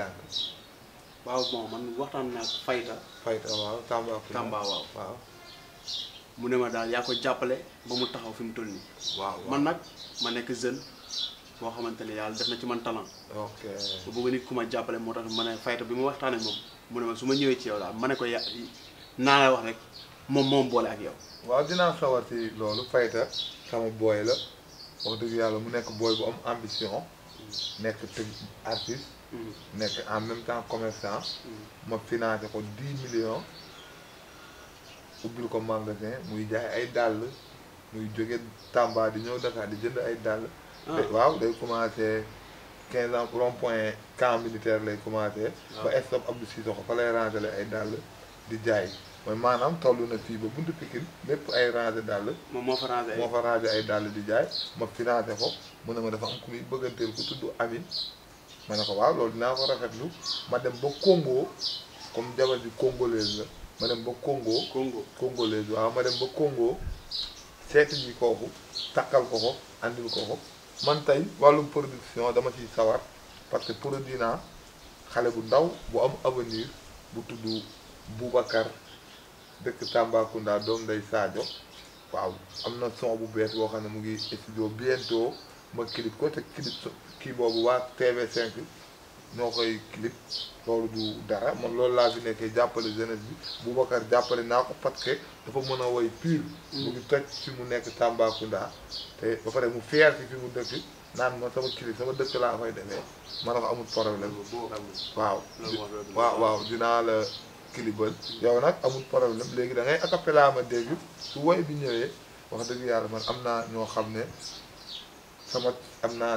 jàng. waaw bon man waxtaan naa fayta fayta waaw Tamba Tamba waaw waaw. mu ne ma daal yaa ko jàppale ba mu taxaw fi mu toll nii. waaw man nag ma nekk jeune boo xamante ne yàlla def na ci man talent. ok bu nit ku ma jàppale moo tax ma ne fayta bi mu waxtaane moom mu ne ma su ma ñëwee ci yow daal ma ne ko ya naa wax rek moom moom boole ak yow. waaw dinaa sawar ci loolu fayta sama booy la wax dëgg yàlla mu nekk booy bu am ambition mm. nekk artiste. nekk en même temps commerçant. Mm. ma financé ko dix millions. ubbil ko magasin muy jaay ay dàll muy jóge Tamba di ñëw Dakar di jënd ay dàll. Ah. waaw day commencé quinze ans rond point camp militaire lay commencé. Ah. ba stop Abdou ko fa lay rangé ay dàll di jaay. mooy maanaam toll na fii ba buntu Pikine lépp ay rangé dàll moom moo fa rangé ay moo fa rangé ay dàll di jaay ma financé ko mu ne ma dafa am ku muy bëgganteel ku tudd Amine. ma ne ko waaw loolu dinaa ko lu ma dem ba Congo comme jabar ji congolaise la ma dem ba Congo. Congo seeti ji kooku takkal ko ko andil ko ko man tey wàllum production dama ciy sawar parce que produit naa xale bu ndaw bu am avenir bu tudd Boubacar dëkk Tambacounda doom day Sadio waaw am na son bu bees boo xam ne mu ngi studio bientôt ma clip ko te clip kii boobu waa TV5 ñoo koy clip loolu du dara man loolu laa fi nekkee jàppale jeunesse bi Boubacar jàppale naa ko parce que dafa mën a woy pur mm. mu ngi toj fi mu nekk Tambacounda te ba pare mu fier ci fi mu dëkk naan ma sama clip sama dëkk laa koy defee ma ne ko amul problème waaw waaw waaw dinaa la clipal yow nag amul problème léegi da ngay a ma dégg su woy bi ñëwee wax dëgg yàlla man am naa ñoo xam ne sama am naa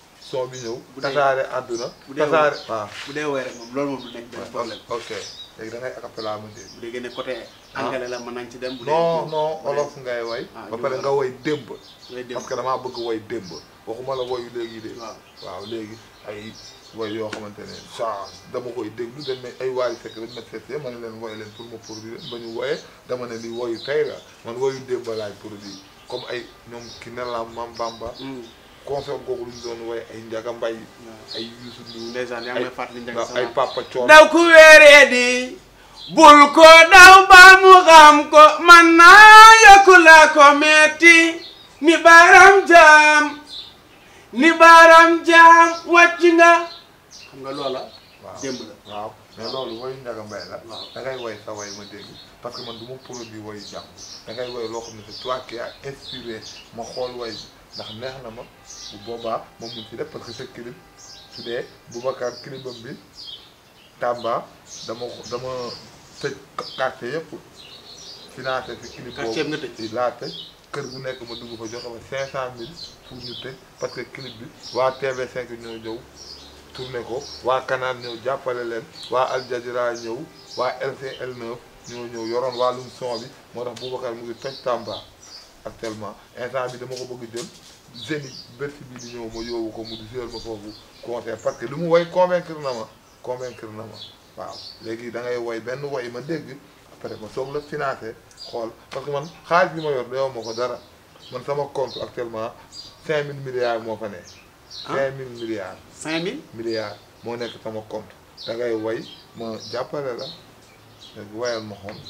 so bi ñëw. bu dee tasaare àdduna. tasaare waaw bu dee woy rek moom loolu moom du nekk benn problème. ok léegi da ngay acapella mu dégg. bu dee gën a côté. Ah. la mën nañ ci dem. bu dee non non olof ngay woy. Ah, ba pare nga woy démb. parce que damaa bëgg woy démb. waxuma la woyu léegi de. waaw waaw léegi ay woy yoo xamante ne saa dama koy déglu dañ ne ay waay fekk ma seet leen woy leen pour ma produire ba ñu woyee dama ne li woyu tey la man woyu démb laay produire comme ay ñoom ki ne la mam concert googu lu ñu ay Ndiaga Mbaye ay Youssou Ndour ndeysaan yaa ay Papa Thione daw ku weeree di bul ko daw ba mu xam ko man naa yokku la ko metti ni baaram jaam ni baaram jaam wàcc nga ma dégg parce que man du ma produit woyu jàmm da ngay woy loo xam ma xool woy ndax neex na ma bu boobaa moom mun ci def parce que sa clip su dee Boubacar clipam bi Tamba dama dama tëj quartier yëpp financé fi clip boobu laa tëj kër gu nekk ma dugg fa joxe ma cinq cent mille pour ñu tëj parce que clip bi waa TV5 ñoo ñëw tourné ko waa Canal ñëw jàppale leen waa Al Jazeera ñëw waa LCL9 ñoo ñëw yoroon wàllum son bi moo tax Boubacar mu ngi toj Tamba actuellement instant bi dama ko bëgg jël Zénith Bercy bi di ñëw ma yóbbu ko mu di jël ma foofu concert parce que lu mu woy convaincre na ma convaincre na ma waaw léegi da ngay woy benn woy ma dégg après ma soog la financé xool parce que man xaalis bi ma yor doyow ma ko dara man sama compte actuellement cinq mille milliards moo fa ne ah. cinq mille milliards cinq mille milliards moo nekk sama compte da ngay woy ma jàppale la léegi ma xool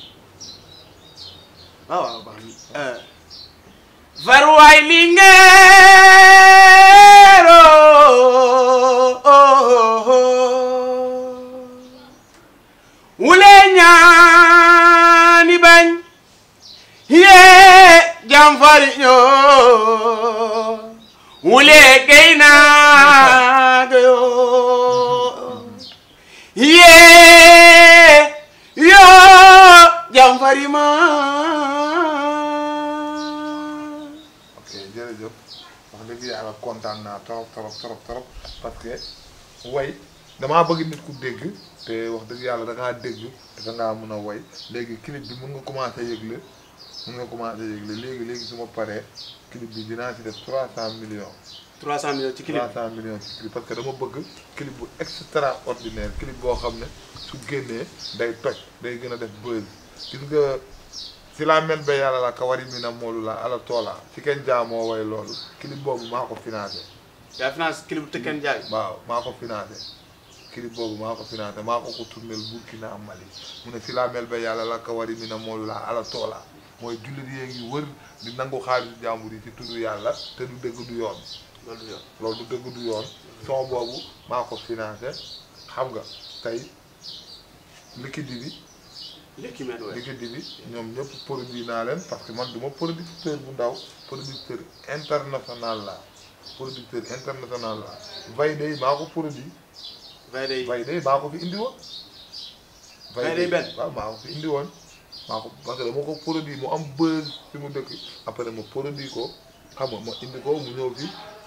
ah, Faruwaay Linguère oh, oh, oh, wule ñaani bañ yee jam fari ñoo wule gaynaaga yoo yee yoo jam fari maa yëpp wax dëgg yàlla kontaan naa trop trop trop trop parce que way damaa bëgg nit ku dégg te wax dëgg yàlla da ngaa dégg te ngaa mën a woy léegi clip bi mun nga commencé yëgle mun nga commencé yëgle léegi léegi su ma paree clip bi dinaa ci def 300 millions. 300 millions ci clip 300 millions ci clip parce que dama bëgg clip bu extraordinaire clip boo xam ne su génnee day toj day gën a def buzz gis nga. sila men be yala la ka wari mina molu la ala tola fiken jamo way lolu clip bobu mako financé ya finance clip teken jaay waaw mako financé clip bobu mako financé mako ko tourner ne sila be yala la ka wari mina molu la ala tola mooy jullit yee ngi wër di nangu xaalisu jàmbur yi ci tudd yàlla te du dëgg du yoon loolu du dëgg du yoon son boobu maa ko financé xam nga tey liquide bi diggante bi ñoom ñëpp produit parce que man du ma producteur bu ndaw producteur international la producteur international la Vaiday maa ko produit Vaiday Vaiday maa ko fi indi woon Vaiday benn waaw maa ko fi indi woon maa ko que dama ko produit mu am buzz fi mu dëkk produit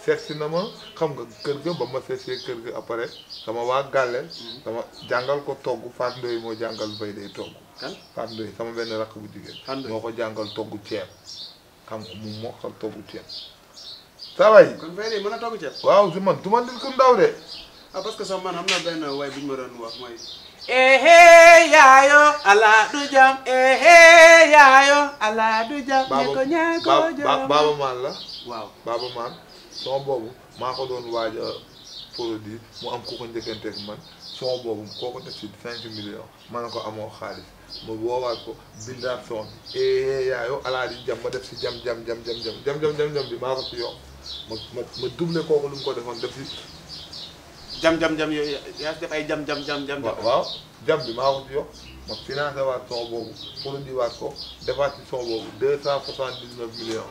seet si na ma xam nga kër ga ba ma seet see kër ga après sama waa gàlleel mm-hmm. sama jàngal ko togg Faat Ndoy moo jàngal bay day togg Faat Ndoy sama benn rakk bu jigéen moo ko jàngal togg ceeb xam nga mu moo xam togg ceeb saa a waaw si man du ma nit ku ndaw de ah parce que sama man am na benn waay doon wax mooy ehe jam ehe yaayo ala jam ñe ko ñaago jam baaba maan la waaw baaba maan son boobu maa ko doon waaj a mu am ku ko njëkkanteeg man son boobu koo ko def si cinq millions ma ne ko amoo xaalis woowaat ko bindaat son bi ee yaayo alaa jam ma def si jam jam jam jam jam jam jam jam bi maa ko lu ko defoon def si ay jam jam waaw jam bi maa ko si yokk ma financé waat son boobu produit waat ko defaat si son boobu deux cent soixante dix neuf millions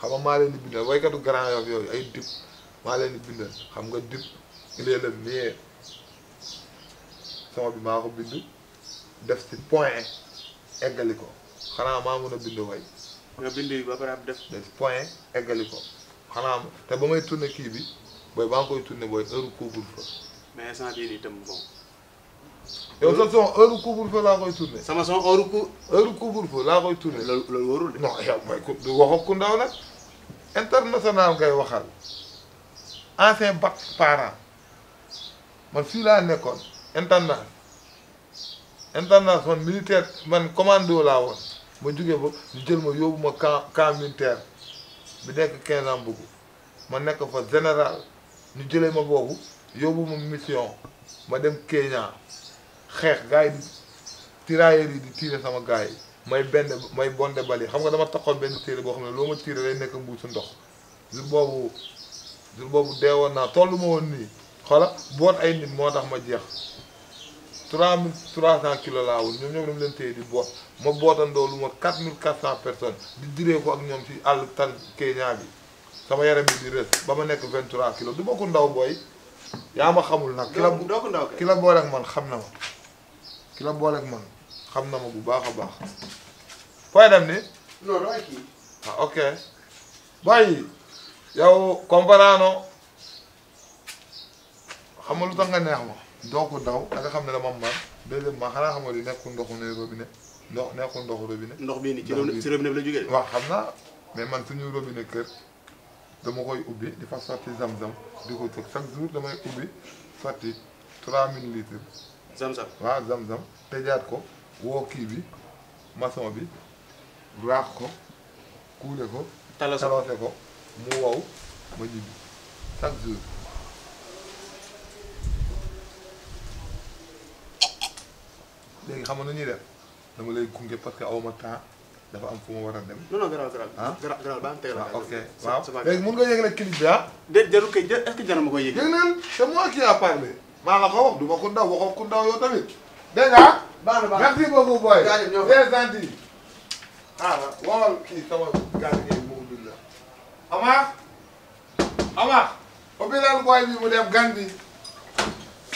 xam nga maa leen di bindal waykatu Grand Yoff yooyu ay dib maa leen di bindal xam nga dib il est le meilleur son bi maa ko bind def ci point e, eggali ko xanaa maa mën a bind way nga bind yi ba pare def def ci point e, eggali ko xanaa te ba may tourné kii bi booy baa ngi koy tourné booy heure couvre-feu sa son heure laa koy tourné loolu warul de non yow mooy ku international ngay waxal ancien bac parent man fii laa nekkoon internat internat man man commando laa woon ma juge ba ñu jël ma yóbbu ma camp camp militaire bi nekk quinze ans bëggu ma nekk fa général ñu jële ma boobu yóbbu ma mission ma dem Kenya xeex gars yi di tirailleurs di tiire sama gars yi may benn may bonde bali xam nga dama taxoon benn téere boo xam ne loo ma tiire day nekk mbuusu ndox jur boobu jur boobu deewoon naa tollu ma woon nii xoola boot ay nit moo tax ma jeex trois mille trois cent kilos laa woon ñoom ñoom dama leen téye di boot ma bootandoo lu ma quatre mille quatre cent personnes di diree ko ak ñoom ci àll tan Kenya bi sama yaram bi di rës ba ma nekk vingt trois kilos du ma ko ndaw booy yaa ma xamul nag kila kila ki la xam na ma ki la booleeg man xam na ma bu baax a baax fooy dem ni ah, ok bàyyi yow comprendre xam na lu tax nga neex ma doo ko daw da xam ne dama mar deuxièmement xanaa xam nga li nekkul ndoxu ne robinet ndox nekkul ndoxu robinet ndox bii nii ci robinet ci robinet bi la jógee waaw xam naa mais man suñu robinet kër dama koy ubbi di fa sotti zam-zam di ko chaque jour damay ubbi sotti 3000 litres zam-zam waaw zam-zam ko woo kii bi mason bi raax ko kuule ko. talase ko mu wow ma ñibbi chaque jour. léegi xam nga nu ñuy def dama lay gunge parce que awma temps dafa am fu ma war a dem. non non ah? garaaw ah, garaaw. ok waaw léegi mun nga yëgle clip bi ah. déet jarul kay ma koy yëg. yëg neen c'est moi qui a maa la ko wax du ma ko ndaw waxoo ko ndaw tamit dégg nga baax na baax na merci beaucoup boy. jaajëf ñoo très gentil. ah waaw mu ubbi la. Amar. Amar. ubbi leen boy mu dem Gandi.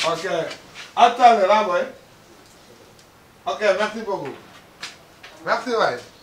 ok attendez là boy. ok merci beaucoup. merci waay.